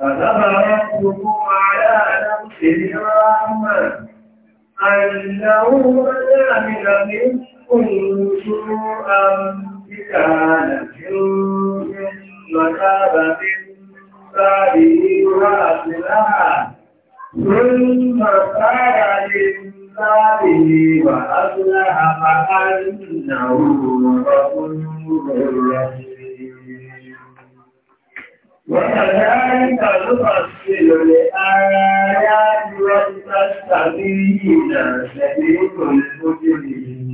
فذبرتكم على نفسه رحمة أنه من منكم سوءا بكانة وتاب من بعده وأصلها ثم قال لله وأصلح فأنه غفور رحيم وكذلك نفصل الآيات ولتستبين سبيل المجرمين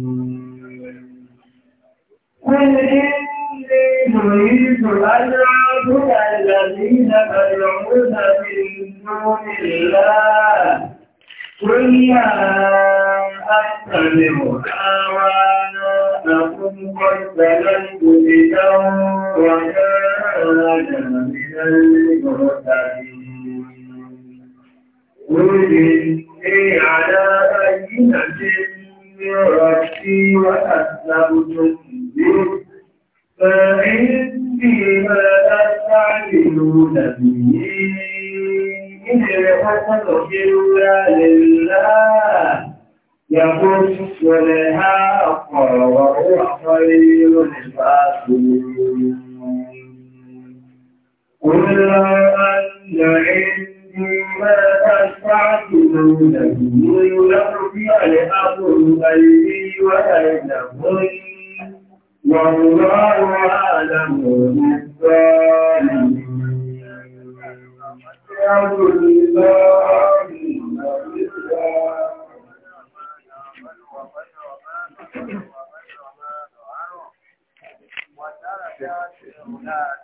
قل إني نريد أن أعبد الذين تدعون من دون الله قل يا أتبع آواءكم قد بلغت بكم وكان المرسلين على بينة من ربي وأسلمتم به فإني ما تستعجلون به إن الحسن إلا لله يقص الحق وهو خير الفاسدين قل لو أن عندي ما تستعجلون به لرفع الأمر بيني وبينهم والله أعلم بالظالمين Thank you.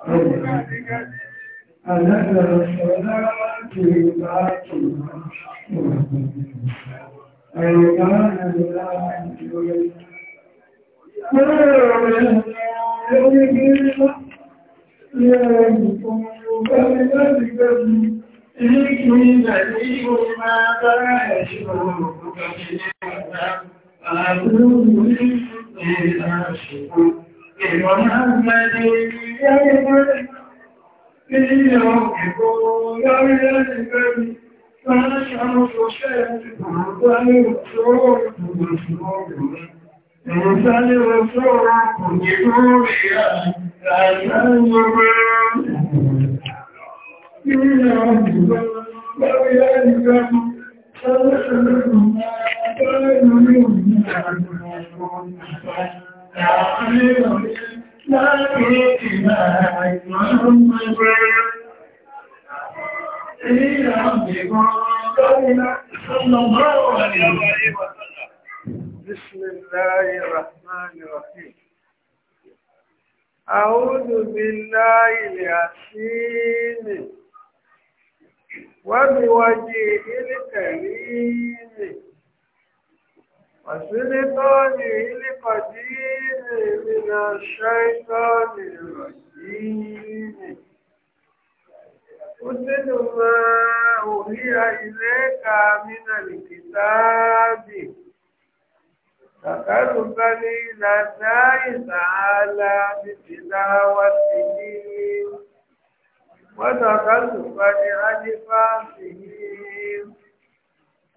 أنزل الصلاة باكرا أيمان الله يومكم بلد الكذب إني بريء ما تعيشون كثيرا أدعو إلى شكر محمد يغفر في يوم يغير البني فالشمس شاهد والسرور مسرور إنسان رسول يقول يا أمان في يوم يغير البني فالشمس شاهد والسرور مسرور بسم الله الرحمن الرحيم أعوذ بالله العسيم وبوجهه الكريم وسلطانه القدير من الشيطان الرجيم قتل ما أوحي إليك من الكتاب تقربا إلى الله تعالى بتلاوته وتقلبا لألفاظه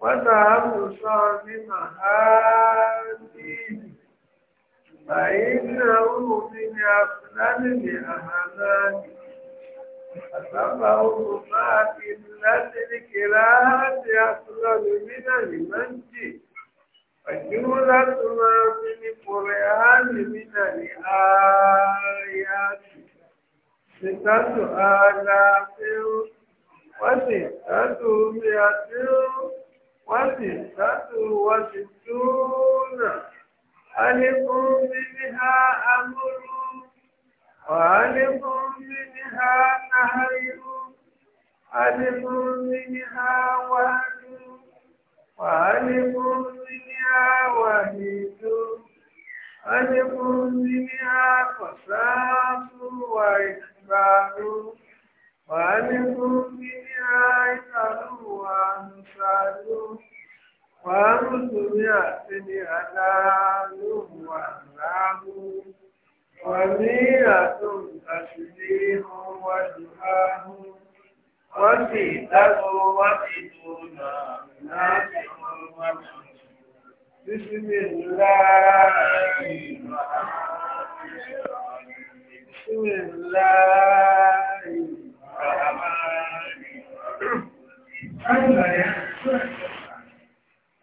وتعرضا لمهاده فإنه من أفضل الأعمال فسبه ما في الكراهة أفضل من المجد فجملة ما في القرآن من الآيات ستة آلاف وستة مئة وستة وستون aii ha aụrụ kụ iri ha naharịrụ anịbụ miri ha wadu gpịbụ ii a wana-edo anịbụ miri ha paaụwahụ paịbụ miri aitanụụwa hụta do وأرسل أتني أدام وأعلام ومية تشبيه وجهاه وسيدة وسيدون ناصر بسم الله بسم الله الرحمن الرحيم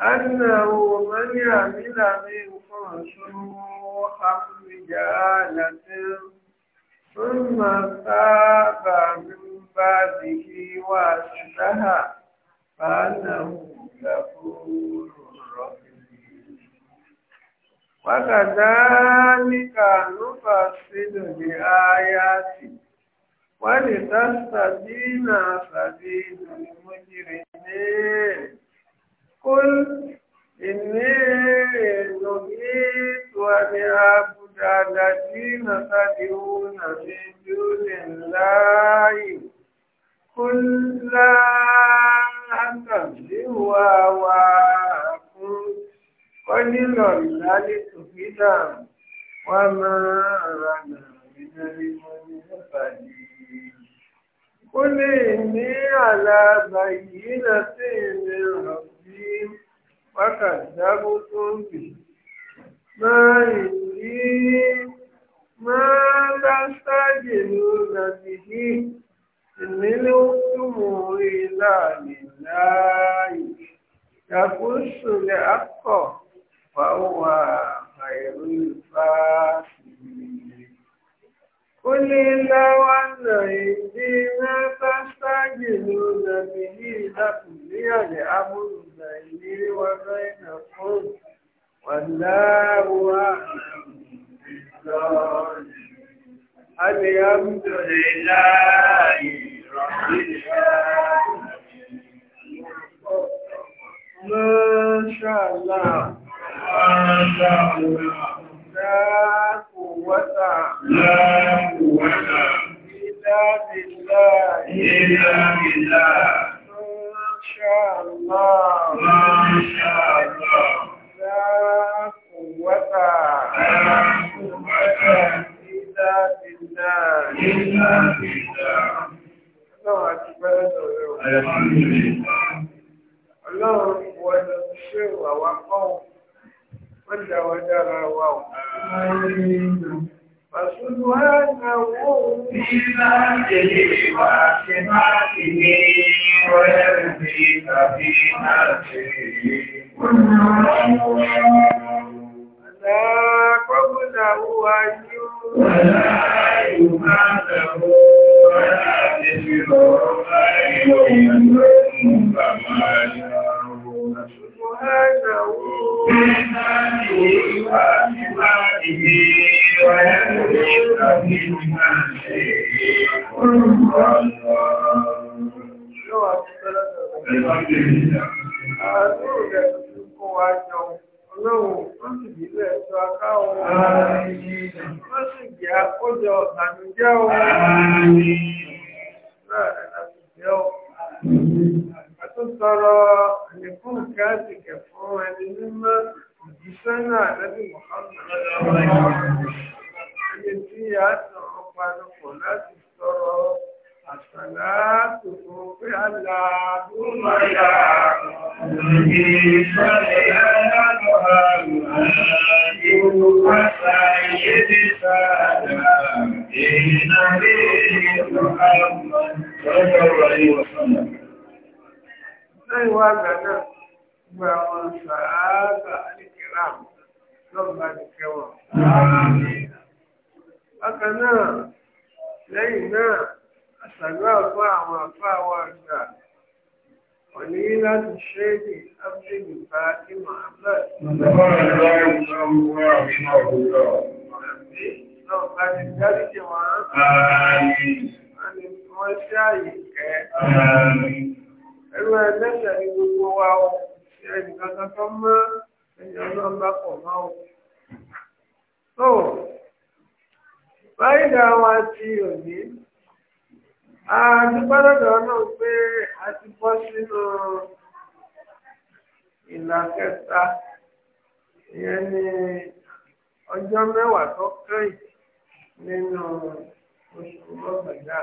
أنه من يعمل منكم سوءا بجهالة ثم تاب من بعده وأصلح فأنه غفور رحيم وكذلك نفصل بآياته ولتستبين سبيل المجرمين قل إني نهيت أن أعبد الذين تدعون من دون الله قل لا أتبع أهواءكم قل ضللت هدى وما أنا من المنفذين ó lè ní àlàbà yìí náà sí ìrìn ọ̀rọ̀ bí wákàtí tó ń bì máa ìdí máa bá sáàjì ló dàbí kí ìnílé ó túmọ̀ ìlà ìláàyè yàgò sùlẹ̀ akọ̀ fáwọn àìrí ìfáà ó ní láwá nà èdè náà pásítàgì ló nàbí yìí lápò ní àlẹ́ amúlù nà ìlérí wa báyìí nà fún wàláwà lọ́ọ̀rì. الحمد لله رب العالمين ما شاء الله ما شاء الله لا قوة لا قوة إلا بالله إلا بالله ما شاء الله ما شاء الله لا قوة لا قوة إلا بالله إلا بالله الله أكبر الحمد لله الله هو الشر وقوم wanda wadarawa فسبحانه في ذاته وصفاته ويرزق في نفسه كل لا قبله أن ولا يماته ولا تشركه ìgbà náà bá ti dáríjì wọn. Wọ́n ni wọ́n ṣe àyè kẹ́. Ẹrú ẹlẹ́sẹ̀ ni gbogbo wa o. Ṣé ẹnìkan kan tó mọ́ ẹ̀yàn náà bá pọ̀ mọ́ o. Tó báyìí dá wa ti òní. Àdúgbàdàdà náà pé a ti bọ́ sínú ìlà kẹta. Ìyẹn ni ọjọ́ mẹ́wàá tó kẹ́yìn. nínú oṣù mọ́kànlá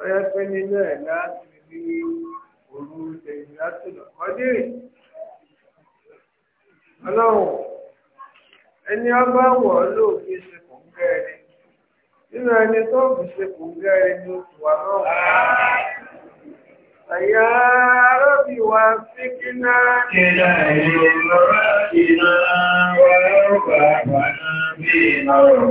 ọyọ pé nínú ẹ̀ láti rí òru lẹ́yìn láti lọ kọ́dé ọlọ́run ẹni ọba wọ̀ ọ́ ṣe kò nínú ẹni tó ṣe kò ń Àyà wa ìlú lọ́rọ̀ Láìdá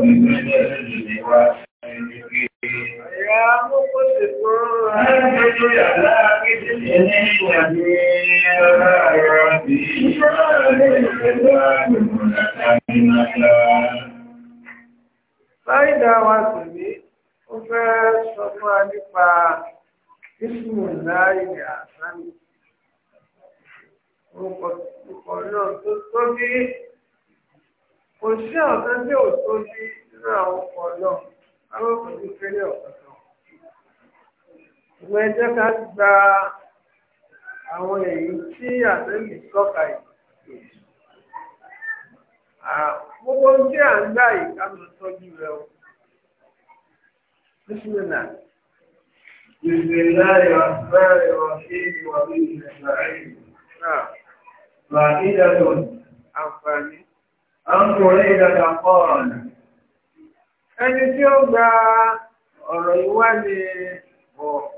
wa sì ní, ó fẹ́ sọ fún wa nípa ìsìnkú láìdá àsámi. Orúkọ náà tó tó bí kò sí ọ̀kan tí ò tó ní nínú àwọn ọkọ̀ náà àwọn kò ní kéré ọ̀kan kan. ìwọ̀n ẹjẹ́ ká gba àwọn èyí tí àtẹ́lì tọ́ka yìí. gbogbo ohun tí à ń gbà yìí ká lọ tọ́jú rẹ o. bísímìlà. بسم الله الرحمن الرحيم وبه نستعين. فائدة أنفاني عن بريدة قال ẹni tí ó gba ọ̀rọ̀ ìwádìí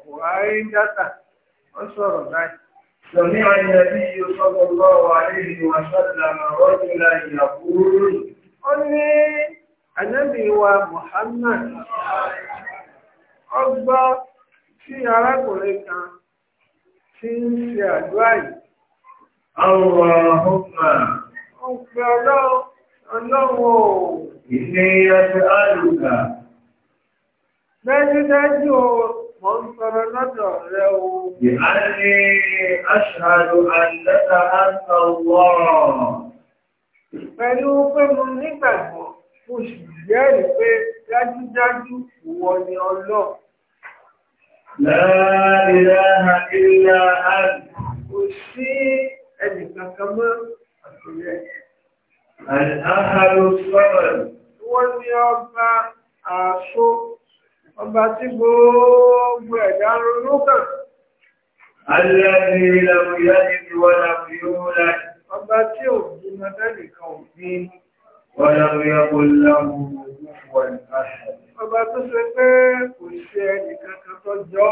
buhari dátà ó sọ̀rọ̀ báyìí. Sọ̀mí àyẹ̀bí ìṣọ́gbọ̀n lọ́wọ́ àlejò àṣọ́dà rọ́jùlá ìyàkúrú. Ó ní ànábì wa Muhammad ọgbọ́ tí arákùnrin kan ti ń ṣe àdúrà yìí. Àwọn ọ̀hún mà. Ó pe ọlọ́run ọlọ́wọ́ ilé ẹgbẹ́ àlùkà. Dájúdájú o, mọ̀ ń sọ̀rọ̀ lọ́dọ̀ rẹ o. Ìhánlé aṣàrò àìlẹ́ta àṣà wọ́rọ̀. Pẹ̀lú pé mo nígbàgbọ́, mo sì jẹ́rìí pé dájúdájú ìwọ ni ọlọ́. Láàrínláà Àhàrò sọ́rọ̀ wọ́n ní ọba àṣó, ọba tí gbogbo ẹ̀dá ronú kàn. Alẹ́ni ìlàmù ìyá ní ti wọ́n láti yóò láti. Ọba tí ò bí mọ́tẹ́lì kan ò bí wọ́n láti yàgbó láàmù tó ṣe pé kò ṣe ẹnìkan kan tó jọ.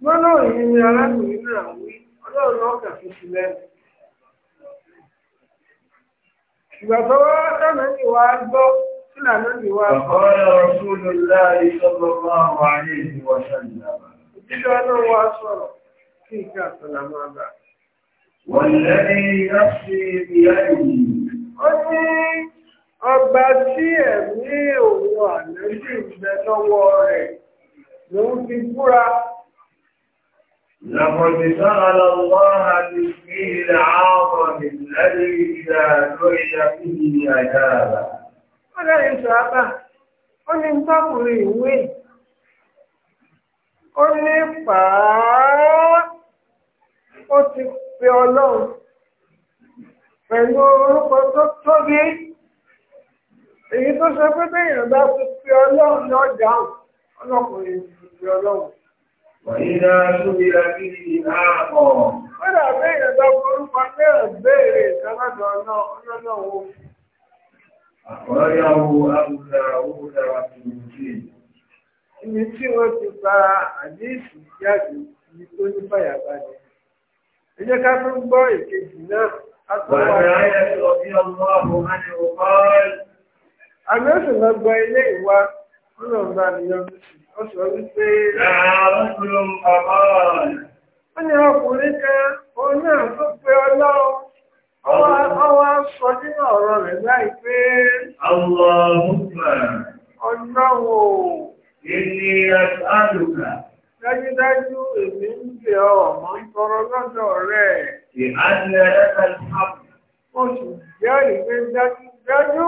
yìí ni arákùnrin náà wí, ọlọ́run náà kà fi sílẹ̀ ìgbà tó wá dáná ní wà á gbọ́ sílà lónìí wà á gbọ́. ọ̀pọ̀ Rasulullahi sallallahu alaihi wa sallam. ìjọ tí ẹ̀mí òun àlẹ́jì ń lọ́wọ́ rẹ̀ lòún fi búra. لقد سأل الله باسمه العظم الذي إذا دعي به أجاب. ولا إجابة onítọ́kùnrin ìwé ó ní pàá ó ti pe ọlọ́run pẹ̀lú orúkọ tó tóbi èyí tó ṣe pé téèyàn bá ti pe ọlọ́run lọ́jà ọlọ́kùnrin ti pe ọlọ́run. Wàyíná súnmíra kí ni àpọ̀. Mọ́dà bẹ́ẹ̀rẹ̀ lọ forúkọ náà béèrè ìtàlọ́dọ̀ náà ọlọ́nà wo. Àkọ́yàwó Abúlá Owódà wà tó ń fi. Ibi tí wọ́n ti gba àdéhùn jáde ni tó ní bàyàbàyà. Ẹ jẹ́ ká tún gbọ́ ìkejì náà. Wàyíná ayé sọ bí ọmọ àbọ̀ máa ní ọkọ̀. Àmì ọ̀sìn lọ gba ilé ìwà, ó lọ ń bá mi yọ lóṣù ó sọ wípé ó ní ọkùnrin kan òun náà tó gbé ọlọ́run ọwọ́ sọ nínú ọ̀rọ̀ rẹ̀ láì pé ọlọ́run ò ìní àlùkà dájúdájú èmi ń bẹ ọmọ tọrọ lọ́dọ̀ rẹ̀ ìhánilẹ̀ ẹ̀ka ìhàbù mo sì jẹ́ ìgbé dájúdájú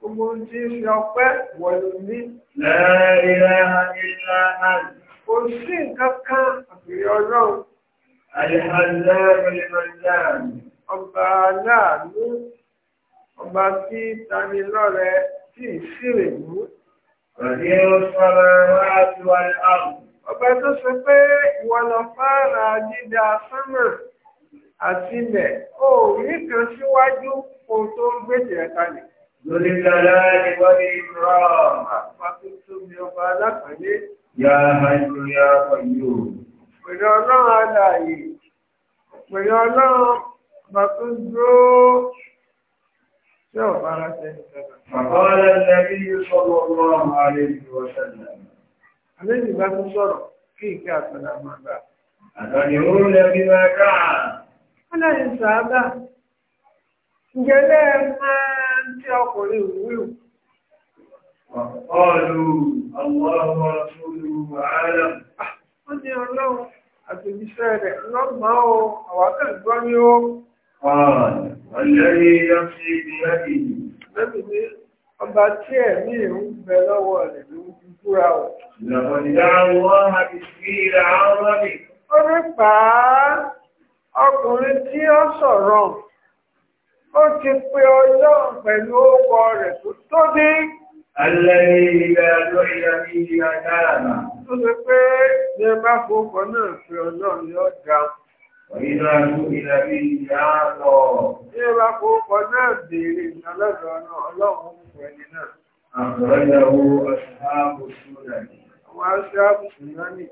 Gbogbo tí ń ṣe ọpẹ́ wọ̀lú ní. Lẹ́ẹ̀rẹ́ àìlá àì. Kò sí nǹkan kan àbìrí ọlọ́run. Àìhàlẹ́rẹ́lẹ́rẹ́lẹ́rẹ́. Ọba aláàánú, ọba tí tani lọ́rẹ tí ìṣirè mú. Rẹ̀dí ó sọ́rọ̀ wá sí wa Ọba tó sọ pé ìwọ lọ fara dídá sánmà àti ilẹ̀, ó rí kan síwájú kó tó gbèsè ẹ̀ka nìkan. ذو الجلال والإكرام فكنتم يقالك يا حي يا قيوم pẹ̀lú ọlọ́run alààyè pẹ̀lú ọlọ́run bàtún dúró tí ò fara sẹ́yìn sẹ́yìn. àkọọ́lẹ̀ ẹ̀rí sọ́wọ́ ọlọ́run àlejò ọ̀sẹ̀lẹ̀. àlejò bá tún sọ̀rọ̀ kí ìkẹ́ àtọ̀là máa gbà. àtọ̀lẹ̀ ó lẹ́bí máa káà. ọlọ́run sàábà ǹjẹ́ lẹ́ẹ̀ tí ọkùnrin wúlò. Ọ̀lú àwọn ọmọ ọ̀túnlú ààrẹ. Wọ́n ní ọlọ́run àtòjíṣẹ́ rẹ̀ lọ́gbọ̀n o, àwákàn gbọ́ ní ó. Ọ̀lẹ́rí yọ́ sí ibi lẹ́yìn. Lẹ́bí ní ọba tí ẹ̀mí ìrún bẹ lọ́wọ́ rẹ̀ ló ń kúkúra o. Lọ̀mọ̀dá wọ́n á fi àwọn ọmọdé. Ó rí pàá ọkùnrin tí ó sọ̀rọ̀ ó ti pe ọlọ́run pẹ̀lú orúkọ rẹ̀ tó tóbi. Alẹ́ ilẹ̀ àjọ ìyàmí ìyàdáàmà. Ó ṣe pé ní bá fòókọ náà fi ọlọ́run yóò dá. Ọ̀yìnà àjọ ìyàmí ìyàtọ̀. Ní bá fòókọ náà béèrè ìrànlọ́dọ̀ ọlọ́run fún ẹni náà. Àbọ̀lẹ́wò aṣáàbò Súdàní. Àwọn aṣáàbò Súdàní,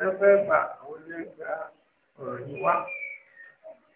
ọ̀rọ̀ yìí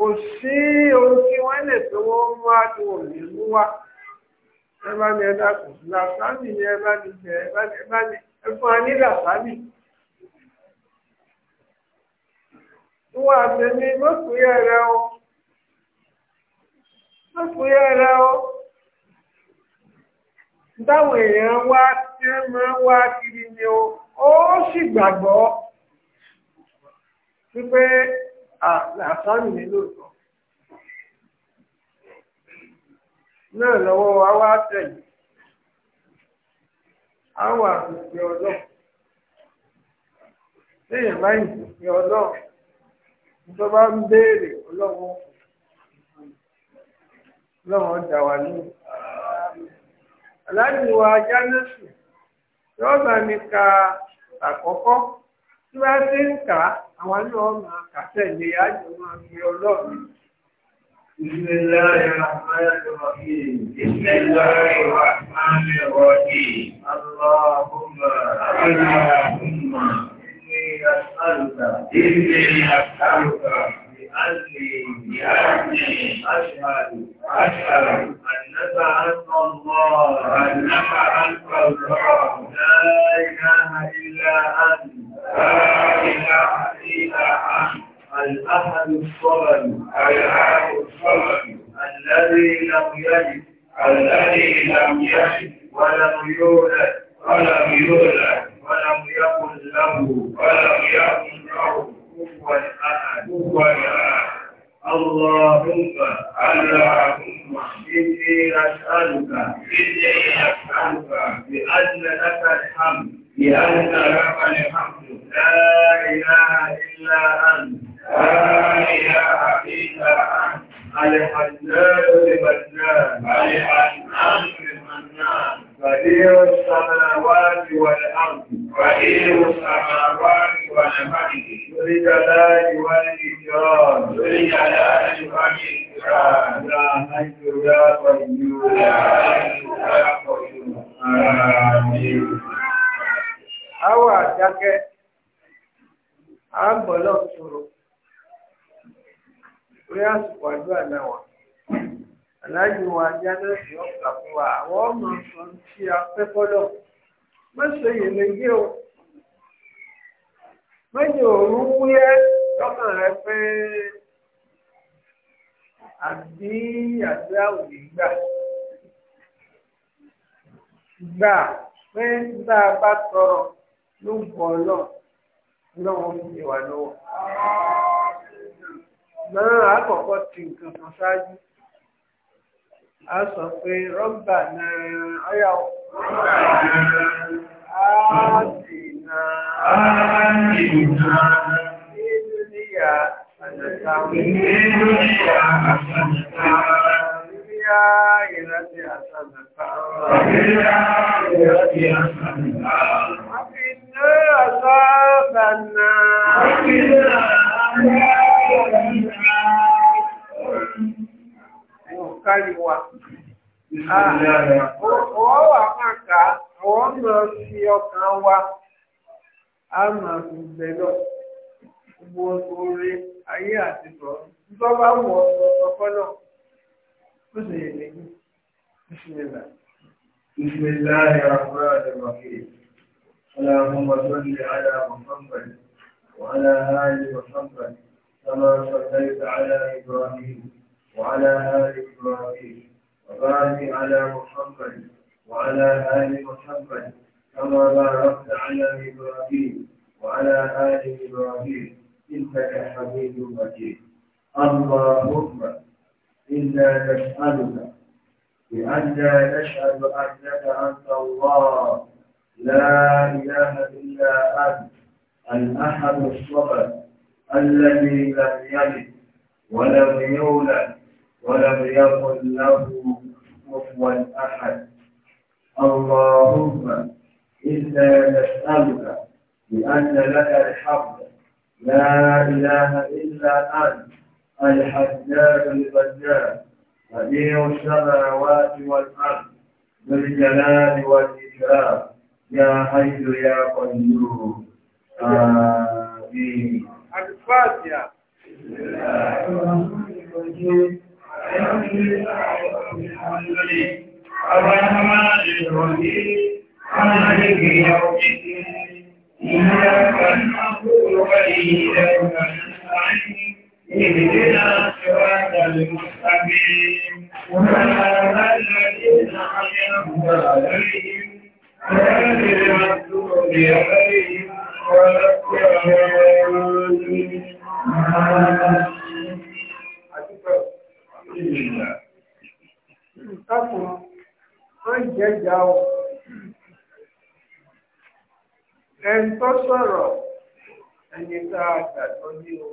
kò sí ohun tí wọ́n lè tó wọ́n mú àti òní mú wá ẹ bá ní ẹ dákun làtàmì ni ẹ bá ní jẹ ẹ bá ní ẹ fún wa ní làtàmì. wọ́n àtẹ̀mí mọ́kùnrin rẹ̀ o mọ́kùnrin rẹ̀ o táwọn èèyàn wá tí wọ́n máa ń wá kiri ni o ó sì gbàgbọ́ wípé àṣánù ní lóòótọ́ náà lọ́wọ́ wa wá tẹ̀lé á wà àtúnṣe ọlọ́run lẹ́yìn báyìí ní ọlọ́run tó bá ń béèrè ọlọ́run ọlọ́run dà wà ní aláìníwá jánẹ́sì tí ó bá ní ka àkọ́kọ́ tí wọ́n ti ń kà á àwọn náà máa kàtẹ́ lé àjọ máa fi ọlọ́run. بسم الله الرحمن الرحيم بسم الله الرحمن الرحيم اللهم اللهم إني أسألك إني أسألك بأني بأني أشهد أشهد أنك أنت الله أنك أنت الله لا إله إلا أنت لا إله إلا أنت الأحد الصمد الأحد الصمد الذي لم يجد الذي لم يجد ولم يولد ولم يولد ولم يكن له ولم يكن له كفوا أحد كفوا أحد اللهم اللهم إني أسألك إني أسألك بأن لك الحمد لأن لك الحمد لا إله إلا أنت لا إله إلا أنت الحنان لمنان الحنان لمنان بديع السماوات والأرض بديع السماوات والأرض ذو الجلال والإكرام ذو الجلال والإكرام يا حي لا قيوم لا حي يا قيوم آمين á wà dákẹ́ á bọ̀ lọ́ọ̀ sọ̀rọ̀ orí àsìkò àdúrà náà wà aláàjì wa ajá náà sì ọ̀pá fún wa àwọn ọmọ sọ tí a fẹ́ fọ́lọ̀ má ṣe iyèméjì o má jẹ òórùn lọ́kàn rẹ pé àbí àdúrà ò gbà gbà pé bá bá tọrọ. ló ń bọ̀ ọlọ́ lọ́wọ́ ń lè wà lọ́wọ́. Náà àkọ́kọ́ ti nǹkan kan ṣáájú. A sọ pé rọ́bà Ọwọ́ wà máa kà á, ọwọ́ máa fi ọkàn wa, a máa fi bẹ̀lọ̀, gbogbo orí ayé àti bọ̀. Ìjọ bá wọ̀ ọ̀pọ̀ الله على محمد وعلى آل محمد كما صليت على إبراهيم وعلى آل إبراهيم وبارك على محمد وعلى آل محمد كما باركت على إبراهيم وعلى آل إبراهيم إنك حميد مجيد اللهم إنا نسألك لا نشهد أنك أنت الله لا إله إلا أنت الأحد الصمد الذي لم يلد ولم يولد ولم يكن له كفوا أحد اللهم إنا نسألك بأن لك الحمد لا إله إلا أنت الحجاج البجاج بديع السماوات والأرض ذو الجلال والإكرام يا حي يا قيوم آمين الفاتحة بسم الله الرحمن الرحيم الرحمن الرحيم مالك يوم الدين إياك نعبد وإياك نستعين اهدنا الصراط المستقيم صراط الذين أنعمت عليهم غير المغضوب عليهم ولا الضالين Kákan, wọ́n jẹ́jà o. Ẹni tó sọ̀rọ̀, ẹni tá a gbàgbọ́ ní o.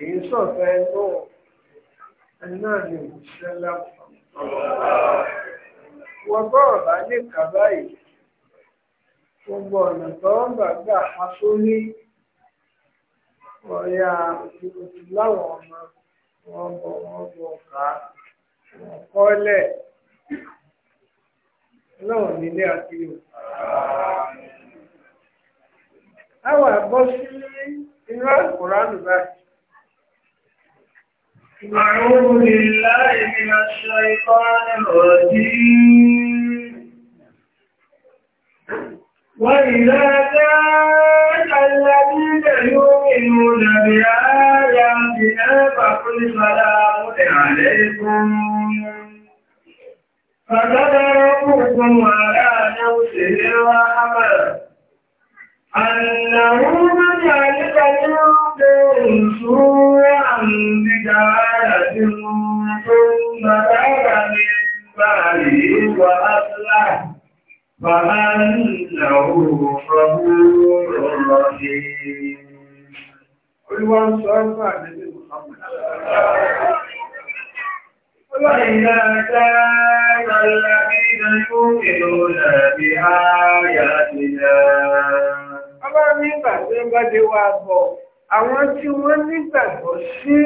Èyí sọ̀fẹ́ náà, ẹni náà lè mú iṣẹ́ lápapọ̀. Wọ́n bọ̀rọ̀ bá lè kà báyìí. Gbogbo ọ̀nà tó ń gbàgbà aṣọ ní ọ̀yà òtún láwọn ọmọ wọ́n bọ̀ wọ́n bọ̀ ká wọ́n kọ́lẹ̀ náà nílé àti yòó. Àwọn àbọ̀ sí inú àkùránù báyìí. أعوذ بالله من الشيطان الرجيم وإذا جاء الذين يؤمنون بآياتنا قل سلام عليكم فقد ربكم على نفسه الرحمة أنه من يعلق منكم سوءا بجهالة ثم تاب من بعده وأصلح فأنه غفور رحيم. قل وانصرف عن وإذا كان الذين يؤمنون بآياتنا Ọlọ́run nígbà tí ó bá dé wá bọ̀, àwọn tí wọ́n nígbàgbọ́ sí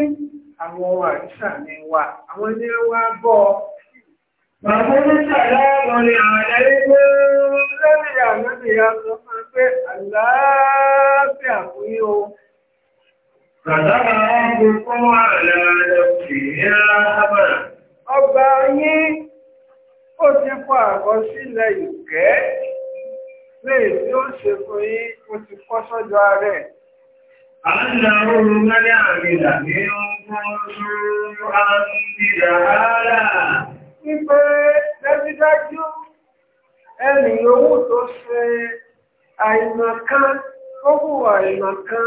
àwọn ohun àrísà ní wa, àwọn ní wá bọ̀. Bàbá ní sàlámù ni àwọn ẹgbẹ́ lórí àmọ́bìyàn sọ fún pé àlàáfíà fún yóò. Kàdára ọgbùn fún ààrẹ ìrìnà àbára. Ọba yín, ó ti kọ́ àkọsílẹ̀ ìkẹ́, léè tí ó ṣe fún yí, ó ti kọ́ sọ́jọ́ ààrẹ. A ń na oòrùn mẹ́rin àrìnà ní ọgbọ́n ẹni owó tó ṣe àìmọ̀kan, ó hùwà àìmọ̀kan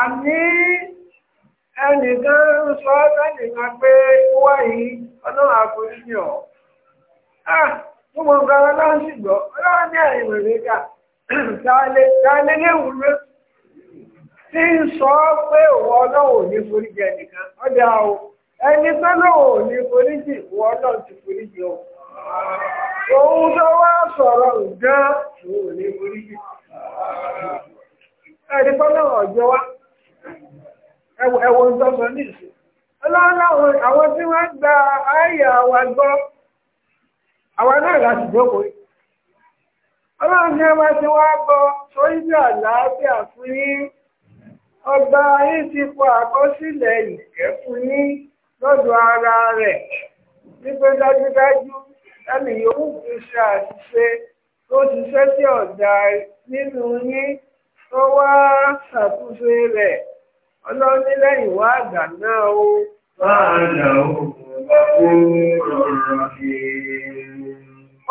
àní ẹnìkan ń sọ ẹ́nìkan pé wá yìí ọlọ́run àforíjì ọ̀ gbogbo nǹkan ọlọ́run sì ẹ̀yìn mẹ̀lẹ́kà tààlé léwu ló ń sọ pé òun ọlọ́wò ní foríjì ẹnìkan o ní foríjì ti foríjì òun tó wá sọ̀rọ̀ òun ẹwọ ń tọ́sọ ní ìsìn ọlọ́run àwọn tí wọ́n gba ayé àwa gbọ́ àwa náà láti jókòó ọlọ́run ní ẹwà tí wọ́n gbọ́ àlàáfíà fún ọba yín ti kọ àkọsílẹ̀ ìkẹ́ fún ara rẹ̀ wípé dájúdájú ẹnì yòówù fi ṣe àṣìṣe tó ṣiṣẹ́ sí ọ̀dà nínú yín tó wá ṣàtúnṣe ọlọ́run ní lẹ́yìn wá àgbà náà ó máa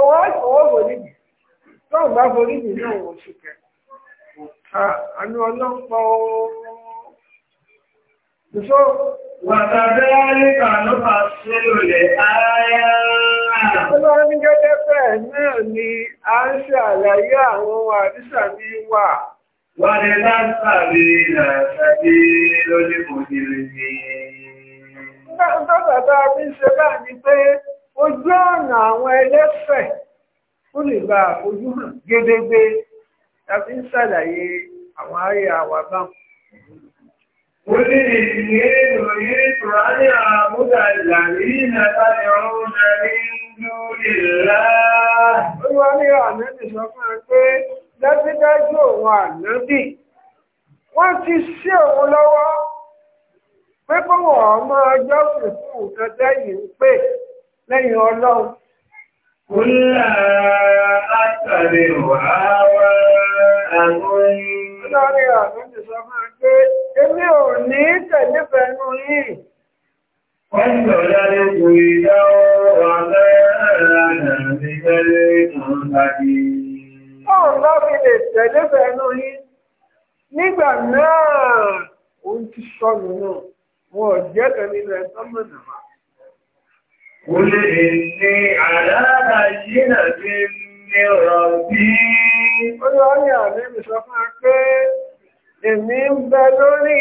Ọwọ́ ìfọwọ́ foríjì, tó àríkà ló bá ṣe lòlè ayá. Ọlọ́run gẹ́gẹ́ bẹ́ẹ̀ náà ni a ń ṣe àlàyé àwọn àdísà ní wà. ولن سبيل سبيل المجرمين Nígbà bàbá bí ṣe bá ní pé ojú ọ̀nà àwọn ẹlẹ́fẹ̀ ó lè bá ojú hàn gédégbé tàbí ń ṣàlàyé àwọn ààrẹ àwàbá. Ó ní ìdíyé ìròyìn ìtura ní àmúdà ìlàrí ìlàta ìrọ̀rùn náà ní ìlú ìlà. Ó wá ní àmẹ́bì sọ fún dájúdájú òun ànábì wọ́n ti ṣe òun lọ́wọ́ pé bọ́wọ̀ ọmọ ọjọ́ fìfún nǹkan tẹ́yìn ń pè lẹ́yìn ọlọ́run. Kúlá àtàrí wàhálà àwọn Lọ́rí àwọn ti sọ máa pé, èmi ò ní tẹ̀lé fẹ́nu yìí. Wọ́n sọ lárí kò ìdáwọ́ wà lẹ́rẹ̀ àrẹ̀ àrẹ̀ àrẹ̀ àrẹ̀ bóun bá fi lè tẹ̀lé bẹ̀ẹ́nu yín nígbà náà òun ti sọnù náà wọn ò jẹ́ tẹ̀lé rẹ̀ sọ́mọ̀nà wa. kò lè ní àlàáfà yìí náà ti ní rọ̀bí. ó lọ ní àlẹ́ mi sọ fún pé èmi ń bẹ lórí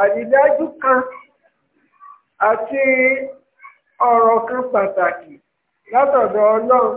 àrídájú kan àti ọ̀rọ̀ kan pàtàkì látọ̀dọ̀ ọlọ́run.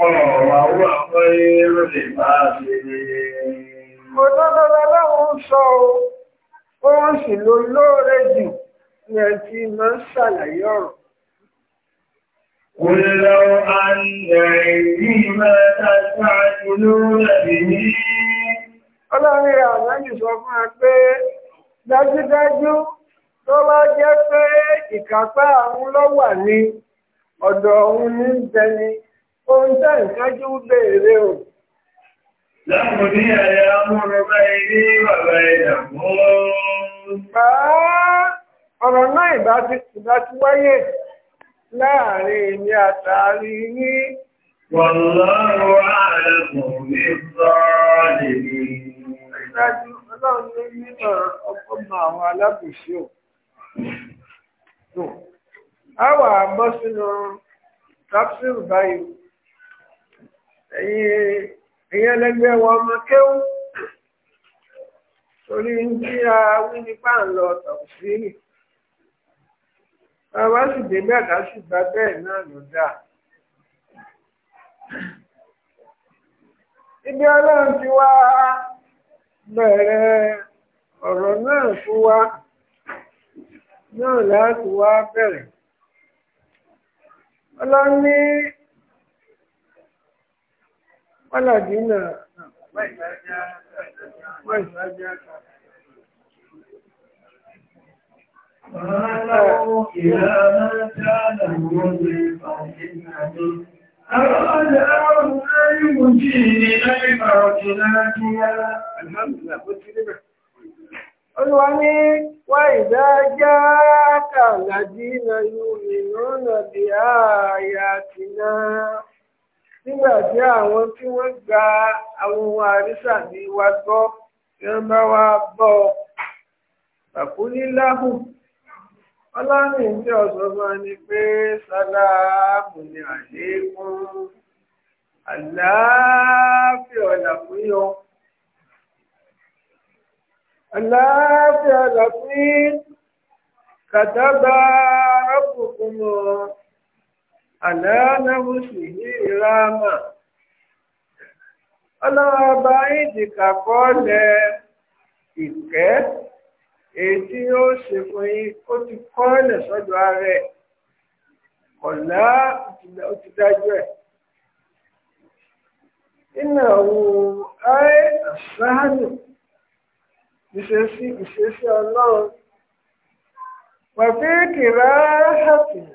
Wọ́n sì ló lóòrè jù ní ẹ̀tí máa ń ṣàlàyé ọ̀rọ̀. Olùlọ àìyẹ̀ ìdí mẹ́ta sáàtì lóòrè bí ní. Ọlọ́rin àwẹ́jì sọ fún ẹ pé dájúdájú tó bá jẹ́ pé ìkàpá àwọn lọ́wà ní ọ̀dọ̀ òun ní jẹni ohun tẹ́ ìkájú béèrè o. Láàmù ní ẹ̀yà amúrọ̀bá ilé bàbá ẹ̀dà mọ́. Bá ọ̀rọ̀ náà ìbá ti kùdá ti wáyé láàrin èmi àtàrí ní. Wàlọ́rọ̀ àlẹ́kùn ní sọ́ọ̀lì ní. Ìdájú ọlọ́run ló nímọ̀ ọgbọ́n àwọn alábùsí ò. eyi ẹlẹgbẹ́ wọn ọmọ kéwú torí ń a wí nípa ń lọ tọ̀hún sí bàbá sì dé sì gba bẹ́ẹ̀ náà ló dáa. ibi ọlọ́run ti wá bẹ̀rẹ̀ ọ̀rọ̀ náà fún wa náà láti wá bẹ̀rẹ̀ ọlọ́run ní. Wàlàdínà فَلَوْ إِلَى مَا كَانَ مُضِيفًا إِنَّنِي أَرَادَ أَنْ يُجِينِي لِمَعْتِنَاتِيَا الحمد لله Olúwa ní wá ìdájá kàlàdínà yóò nìyàn nàbí ààyà tìnáà nígbà tí àwọn tí wọ́n gba àwọn ohun àrísà ní wa gbọ́ tí wọ́n bá wá bọ́ ọ pàkúníláhùn ọlọ́run tí ọ̀sán máa ní pé sáláàmù ni àlékún àlàáfíà ọ̀làkúnyọ àlàáfíà ọ̀làkúnyí kàtàbà rọ́pùpù mọ́ ọ. àlá náwùsì yìí ráàmà ọlọ́wọ́ bá ìdìkà kọ́ọ̀lẹ̀ ìkẹ́ èyí tí ó ṣe fún yín ó ti kọ́ọ̀lẹ̀ sọ́dọ̀ ara ọ̀lá ó ti dájú ẹ̀ nínú àwọn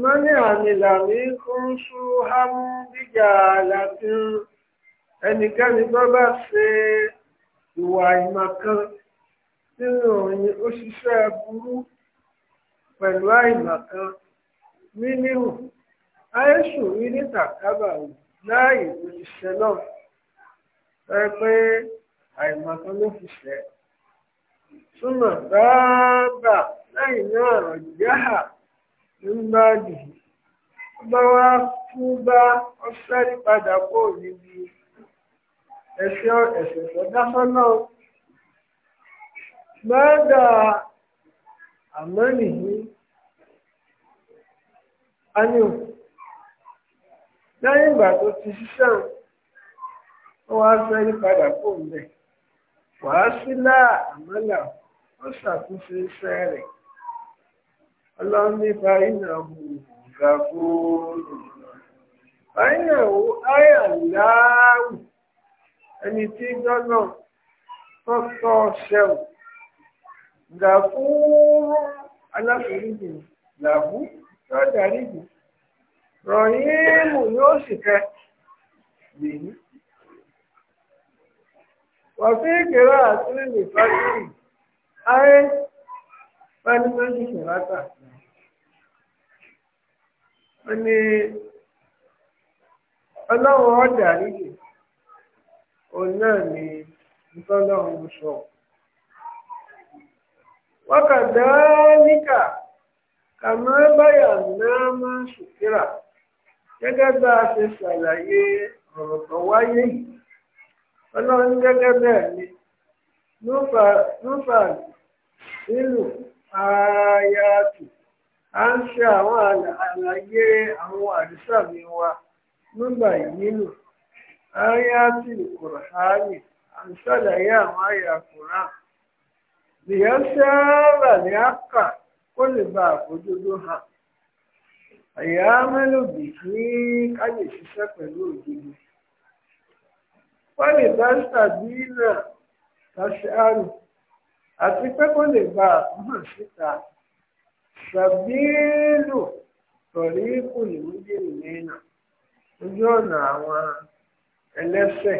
mọ́ní àmìlà mi kún sú hámú bíjà àlàfin ẹnikẹ́ni tó bá ṣe ìwà ìmọ̀kan nínú òyìn òṣìṣẹ́ burú pẹ̀lú àìmọ̀kan mínímù àìsùn rí ní tàkábà láàyè òṣìṣẹ́ náà fẹ́ pé àìmọ̀kan ló fi ṣẹ́ súnmọ̀ dáàbà lẹ́yìn náà rọ̀ jáà. nígbà dị bá kú bá ọ̀sẹ́rì padà kó níbi ẹ̀ṣẹ̀ ẹ̀ṣẹ̀ tó dáfọ́nà mẹ́ta nìyí ánìò lẹ́yìn ìgbà tó ti ṣiṣẹ́ ó wá sẹ́rí padà kó wàá sílá àmọ́là ó ṣàtúnṣe iṣẹ́ rẹ̀. ọlọ́nífà ìnáwó ìgbàgbóòrò àyàwó àyàláàwù ẹni tí gbọ́nà tó tọ́ ṣẹ́wù gbàgbóòrò aláforíjì làbú yóò dáríjì rọ̀yìnmù yóò sì kẹ́ lèyí. wàfíìkìrá àti nìfàkìrì ayé pálímẹ́ǹtì ṣèlátà. wọ́n ní ọlọ́run ọ̀dà nídìí òun náà ni ntọ́lọ́run sọ. kà máa báyà náà máa ṣùkírà gẹ́gẹ́ bá a ṣe ṣàlàyé ọ̀rọ̀ tó wáyé yìí ọlọ́run gẹ́gẹ́ bẹ́ẹ̀ ni nufa nílùú a ń ṣe àwọn àlàyé àwọn àrísàmì wa nígbà ìnílò ayáàtì kùránì à ń ṣàlàyé àwọn àyà kùrán lìyẹ́sẹ́rà ní àkà kó lè bá àbójútó hàn àyà mélòdì lè pẹ̀lú òdodo wọ́n bá tàbí náà àti pé lè síta. sabiilu tori ikuli onye niile na oji o na awon eleese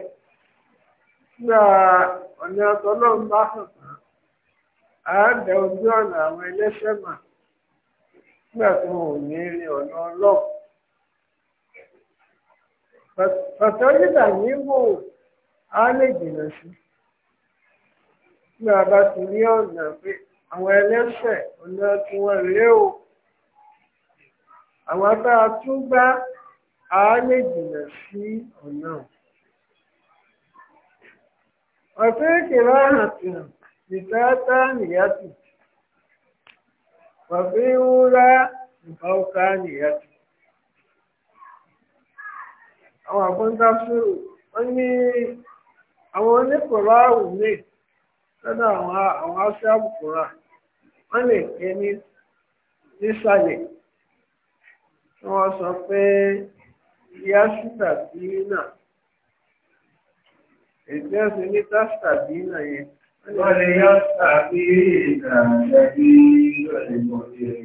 na onye oto naa nba haka ha ha na awon eleese ma nwato onye ri ona lo patosinida ni iwu a le dinwasi na abatiri onna pe àwọn ẹlẹ́ṣẹ̀ ọ̀nà tí wọ́n rèé o àwọn bá a tún gbá a lè jìnà sí ọ̀nà. ọ̀sẹ̀ ìkìlọ̀ àhàtìràn ìtàtà nìyàtì wàbí wúrà ìfọ̀ọ́ká nìyàtì. àwọn àkọ́ńtà sọ̀rọ̀ wọ́n ní àwọn oníkòrò àrùn ní lọ́dọ̀ àwọn aṣáàbùkùnrin wọ́n lè pè ní nísàlẹ̀ tí wọ́n sọ pé yásítà bínà èdè ọ̀sẹ̀ ní tásítà bínà yẹn. wọ́n lè yásítà bínà lẹ́bí ìrọ̀lẹ́gbọ̀dẹ̀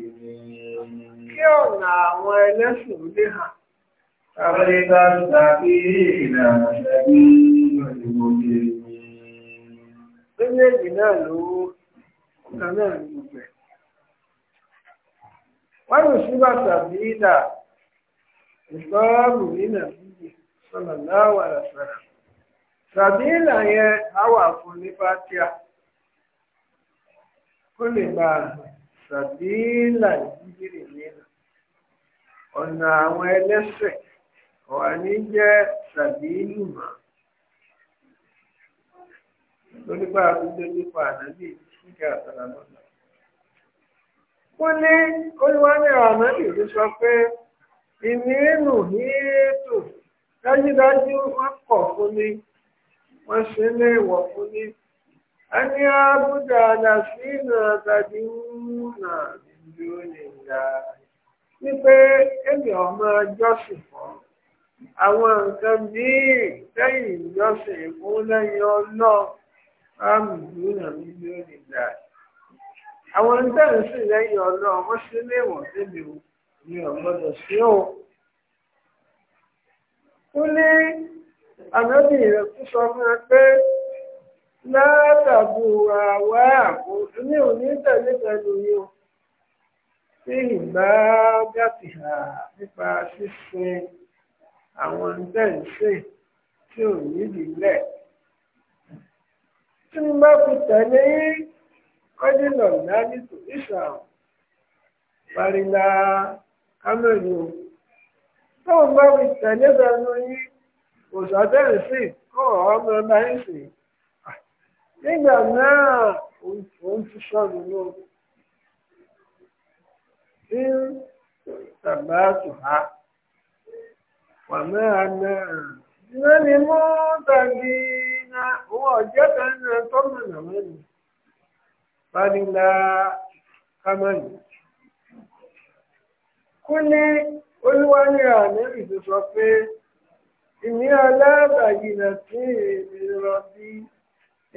kí ọ̀nà àwọn ẹlẹ́sìn lè hàn. Àbẹ̀lẹ̀ tásítà bínà lẹ́bí ìrọ̀lẹ́gbọ̀dẹ̀ méjèèjì náà ló ọ̀kan náà ní gbogbo wọ́n sí bàtà bí ìdá ìgbọ́ọ̀bù nínà bíbí sọ̀nà láwà lọ́sọ̀rọ̀. sàbílà yẹn fún ní pátíà kó lè bá a sàbílà ìbílẹ̀ nínà ọ̀nà àwọn ẹlẹ́sẹ̀ ọ̀wà ní jẹ́ sàbílù bá wọ́n ní olúwa ní ọ̀nà ìlú sọ pé ìnínú híètò dájúdájú wọ́n kọ̀ fún ni wọ́n ṣe lé ìwọ̀ fún ni a ní àbújá àdásínà tàbí múnà ìlú nìyà wípé èmi ọmọ jọ́sìn fún àwọn nǹkan bíi lẹ́yìn ìjọsìn fún lẹ́yìn ọlọ́ọ̀ àmìlúnà mílíọ̀nù dà àwọn ẹgbẹ́ ń sìn lẹ́yìn ọlọ́run wọ́n sí léèwọ̀n débi mi ò gbọ́dọ̀ sí o. ó ní ànábì rẹ̀ kú sọ fún ẹ pé látàbù àwa àpò ní òní tẹ̀lé pẹ̀lú yìí o sí ìgbà gàtìhà nípa ṣíṣe àwọn ẹgbẹ́ ń tí ò ní ìdílé. tí mo bá fi tẹ̀lé ordinary ordinary to Islam parílà kámẹ́lú tó bá fi tẹ̀lé bẹ̀rù yín kò sí kọ́ ọmọ ọba yín nígbà náà òun ti sọnù tàbá wà náà. na owó ọjọ́ kan náà tó mọ̀nà mọ́ni fanilá kámánì. kúlé olúwa ní àmẹ́rì tó sọ pé ìní aláàbàyí láti ìrọ̀ bí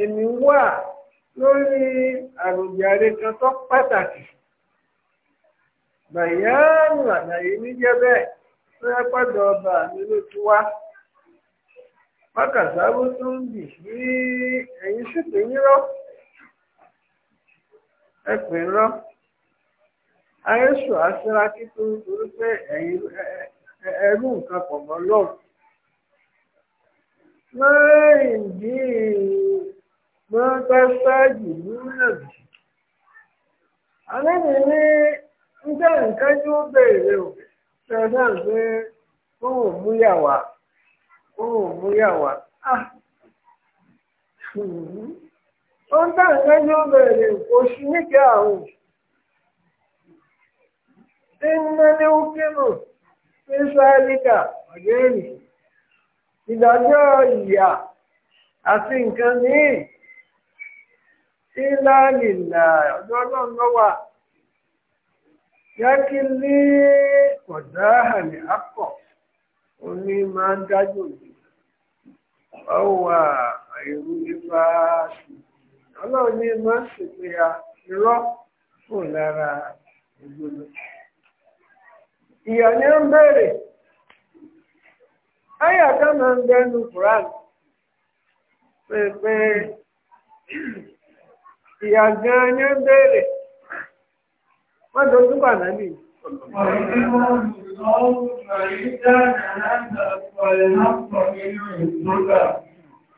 èmi wà lórí àròjàre kan tó pàtàkì bàyáàmù àlàyé níjẹ́ bẹ́ẹ̀ tó yẹ ọba mi ló ti wá fákàtàbó tó ń bì bí ẹ̀yin sì pé nírọ́ ẹ pè nírọ́ ayéṣù aṣáájú tó ń torí pé ẹ̀yin ẹrú nǹkan pọ̀ mọ́ lọ́ọ̀dù máyìn bí máa bá ṣáàjì nínú àlẹ́ mi ní ń jẹ́ nǹkan tí bẹ̀rẹ̀ o ṣe é dáhùn pé wọ́n ó múyà wá ah. ó ń tàn lẹ́jọ́ bẹ̀rẹ̀ oṣù níkẹ́ àrùn tí ń ná ní ókèmù ní sáríkà ọ̀gẹ́rì ìdájọ́ ìyà àti nǹkan míì tí láàrínlá ọjọ́ náà lọ́wà yá kí lé ọ̀dá àmì àpọ̀. oní máa ń dájò jù ọ̀hún wà àìrú nípa ọlọ́run ní máa ń ya irọ́ kò lára ìgbóná. ìyá ń béèrè ayà máa ń gbẹ́nu Quran pé pé gan ni ń wọ́n قوم عيدا نهاك والحق من عندك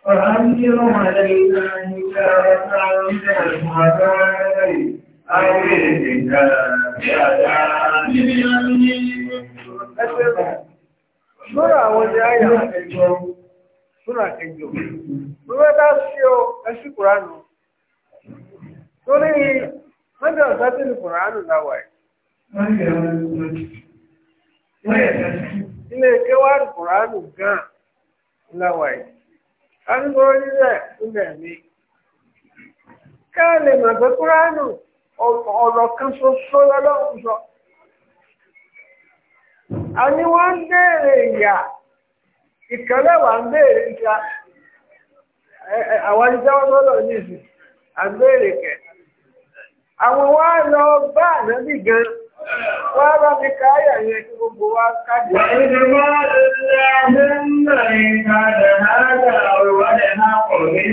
فأنزل علينا حجارة من الحجارة أو الحجارة Súra àwọn ni a yà ẹjọ́, súra ẹjọ́. Gbogbo bá ṣe ọ ẹṣù Kùránù. Torí mẹ́jọ ìsátìlì Kùránù láwàá. ilé kéwàá kùránù gan láwà yìí arúgbó nílẹ̀ nílẹ̀ mi ká lè mọ̀ pé kùránù kan ṣoṣo lọ́lọ́run sọ a ní ń béèrè ìyà ya ń béèrè ìyà àwọn ìjáwọ́ lọ́lọ́ ní ìsìn à ń àwọn lọ bá gan Wá bá mi káyà yẹn kí gbogbo wa kájẹ̀. Wà ní mọ́ ilé àmúnà ìkàlẹ̀ àádà òwúwádẹ̀ náà pọ̀ ní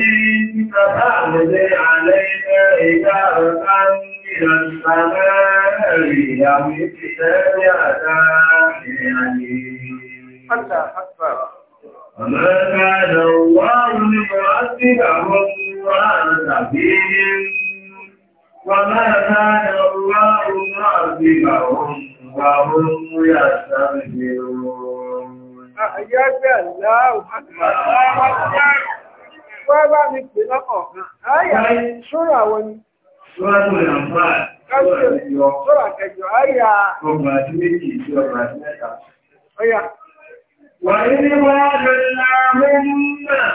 títà bá àmúlé àlẹ́ ilẹ̀ ìgbà ọ̀ká ń gbìyà sàmẹ́ rí àmì ìfẹ́ ní àdá ìrìnàjì. Ọ̀nà ẹ̀ka ẹ̀dọ̀ wà ní ọ̀rọ̀ sí àwọn ọmọ àrùn tàbí وما كان الله معذبهم وهم يستغفرون أحياك الله أكبر الله أكبر Wọ́n bá mi pè lọ́kọ̀ kan, ayà ṣúra wọn ni. Ṣúwájú ìrànfà, ṣúra kẹjọ, ayà. Ọgbà àti méjì sí ọgbà àti mẹ́ta. Ọya. Wà ní wọ́n lè láàrín náà.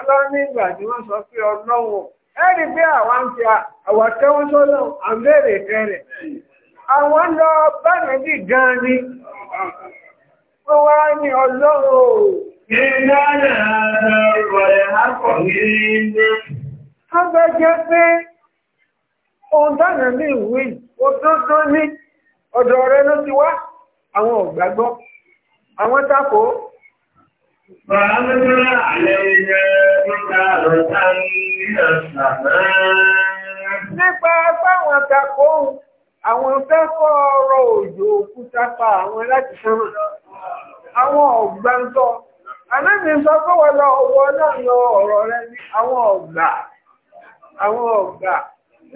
Ọlọ́run nígbà tí wọ́n sọ pé ọlọ́wọ̀. ẹ̀rí pé àwọn fi àwa sọ́lọ́ à ń àwọn lọ bánàbí gan ni wọ́n wá ní ọlọ́run Ìgbàlẹ̀ àjọ ìwọ̀lẹ̀ àkọ̀gí ní. jẹ́ pé àwọn فأمطر علينا حجارة من السماء àwọn fẹ́kọ̀ ọrọ̀ òjò òkúta pa àwọn láti sánmà, àwọn ọ̀gbà ń tọ́. sọ pé wọ́n lọ ọwọ́ náà lọ ọ̀rọ̀ rẹ ní àwọn ọ̀gbà, àwọn ọ̀gbà.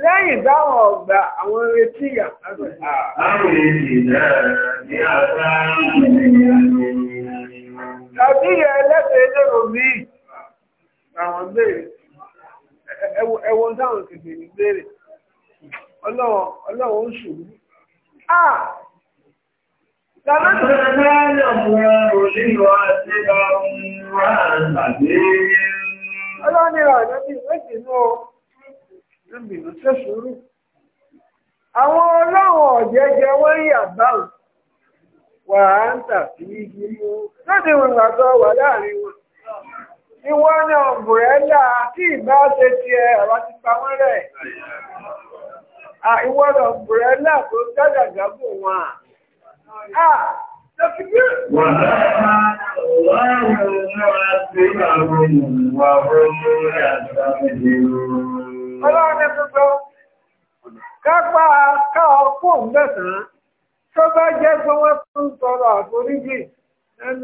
Lẹ́yìn dáwọn ọ̀gbà, àwọn retí Àwọn tàbí ẹlẹ́sẹ̀ lérò mí àwọn béèrè ẹwọ táwọn kèfè ní béèrè ọlọ́wọ́ ṣùgbọ́n ah Àwọn ọlọ́wọ̀ ọ̀jẹ́jẹ́ wọ́n yà báwọn. wà á ń tà sí igi mú láti ìwọ̀n ìgbà tó wà láàrin wọn. Ìwọ́n ní ọ̀bùrẹ́là tí ìbá ṣe ti ẹ ọ̀rọ̀ ti pamọ́ rẹ̀. Ìwọ́n ní ọ̀bùrẹ́là tó dájàgá bò wọn. Wọ́n Ọlọ́run ní gbogbo, kápá káà fóòmù mẹ́sàn-án. tó jẹ jẹ́ pé wọ́n tún àforíjì o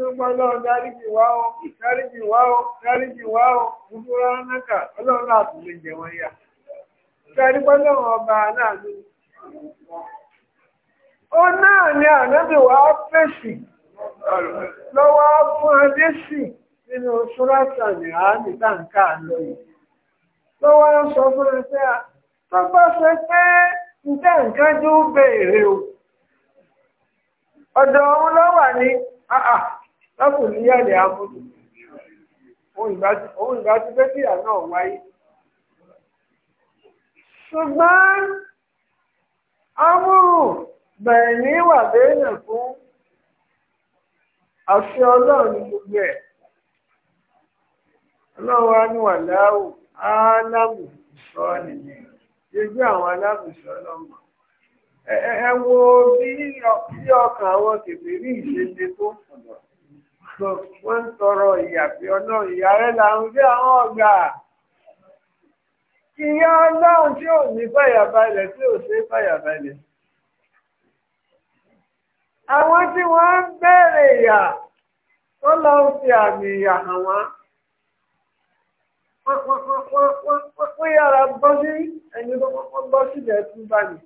wá o wá o gbogbo wọ́n yá ọba ó náà ni ànábì wá fèsì lọ́wọ́ fún adésì nínú súrásà ní àánì táǹkà lọ lọ́wọ́ sọ fún pé nǹkan o. ọdọ ọ̀hún ló wà ní lọ́kùn níyàlẹ̀ amúlù òun ìgbà tí bẹ́tìyà náà wáyé ṣùgbọ́n amúrù bẹ̀rẹ̀ ní wà fún àṣẹ ọlọ́run gbogbo ẹ̀ ọlọ́run wá ní wà nìyẹn gbogbo àwọn ọlọ́run ẹ wo bí ọkàn àwọn kèfèrí ìṣẹ́ṣe tó wọ́n ń tọrọ ìyàpẹ́ ọlọ́run ìyá rẹ̀ là ń gbé àwọn ọgbà ìyá ọlọ́run tí ò ní fàyàbalẹ̀ tí ò ṣe fàyàbalẹ̀ àwọn tí wọ́n ń bẹ̀rẹ̀ ìyà tó lọ ń fi àmì ìyà hàn wọ́n wọ́n yára bọ́ sí ẹni tó kọ́kọ́ bọ́ sílẹ̀ tún bá nìí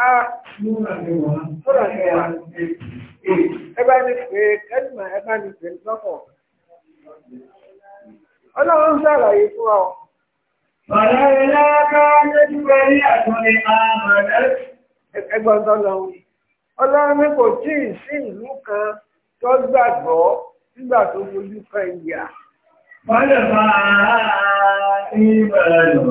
Sọ́dọ̀ Ọlọ́run ní kò tí ì sí ìlú kan tó gbàgbọ́ nígbà tó kan ìyà. Wọ́n lè máa ń bẹ̀rẹ̀ lò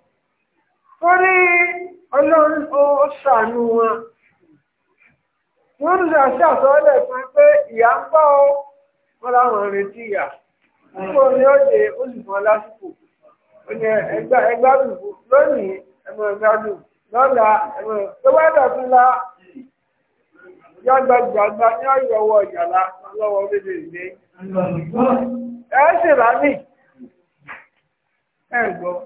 torí ọlọ́run ó ṣàánú wọn wọ́n ṣe àṣàṣọ́lẹ̀ fún pé ìyá ń bá ọ wọ́n láwọn retí ìyá fún ní òde olùmọ̀ lásìkò oní ẹgbàdùn lónìí ẹmọ ẹgbàdùn lọ́la ẹmọ tó bá dọ̀tún la yàgbàgbàgbà ní ọ̀yọ̀wọ̀ ìyàlá lọ́wọ́ lédè ìdè ẹ̀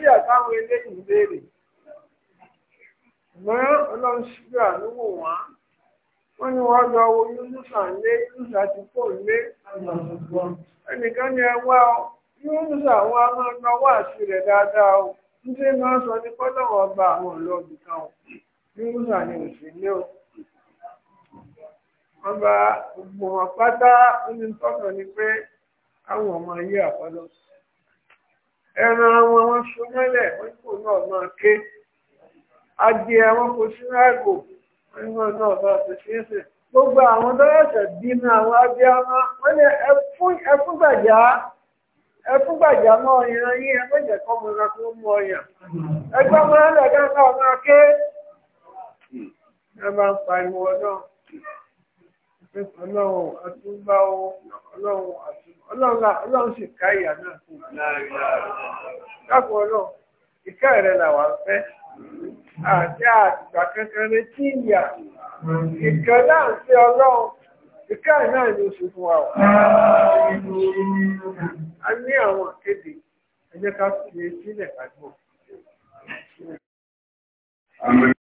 sí àtàwọn eléyìí léèrè ṣùgbọ́n ọlọ́run ṣíbí àlúwò wá wọ́n ní wọ́n lọ wo yúnúṣà lé yúnúṣà ti pò lé ẹnìkan ni ẹ wá ọ yúnúṣà wọn a máa lọ wá àti rẹ̀ dáadáa o níṣẹ́ máa sọ ní kọ́lọ́wọ́ bá àwọn ọlọ́ọ̀bì kan o yúnúṣà ni òṣèlú o wọ́n bá gbogbo pátá nínú tọ́kàn ni pé àwọn ọmọ ayé àkọlọ́sọ. ẹran wọn wọ́n so mọ́lẹ̀ wọ́n kò náà máa ké adìẹ wọn kò sínú àgò wọ́n kò náà máa fi sí ẹsẹ̀ gbogbo àwọn dọ́lọ́sẹ̀ bínú àwọn abiyamọ wọ́n ní ẹfúngbàjá ẹfúngbàjá mọ́ ìran ẹgbẹ́jẹ̀ kọ́ mọ́ tó ẹgbẹ́ ọmọ ké ọlọ́run sì ká ìyà náà fún un láàrin láàrin kápọ̀ ọlọ́run ìkẹ́ rẹ̀ làwà fẹ́ àti àtìgbà kankan rẹ̀ tí ìyà ìkẹ́ náà sí ọlọ́run ìkẹ́ náà ni oṣù fún wa a ní àwọn akéde ẹjẹ́ ká fi sílẹ̀ kájú. Amen.